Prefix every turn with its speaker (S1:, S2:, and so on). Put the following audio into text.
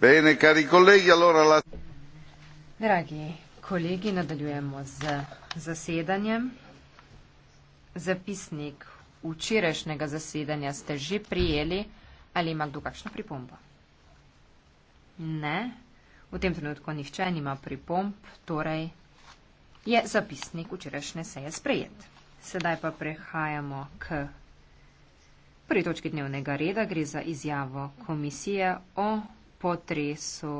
S1: Bene, cari colleghi, allora la...
S2: Dragi kolegi, nadaljujemo z zasedanjem. Zapisnik včerajšnjega zasedanja ste že prijeli. Ali ima kdo kakšno pripombo? Ne. V tem trenutku nihče nima pripomb, torej je zapisnik včerajšnje seje sprejet. Sedaj pa prehajamo k prvi točki dnevnega reda. Gre za izjavo komisije o potresu.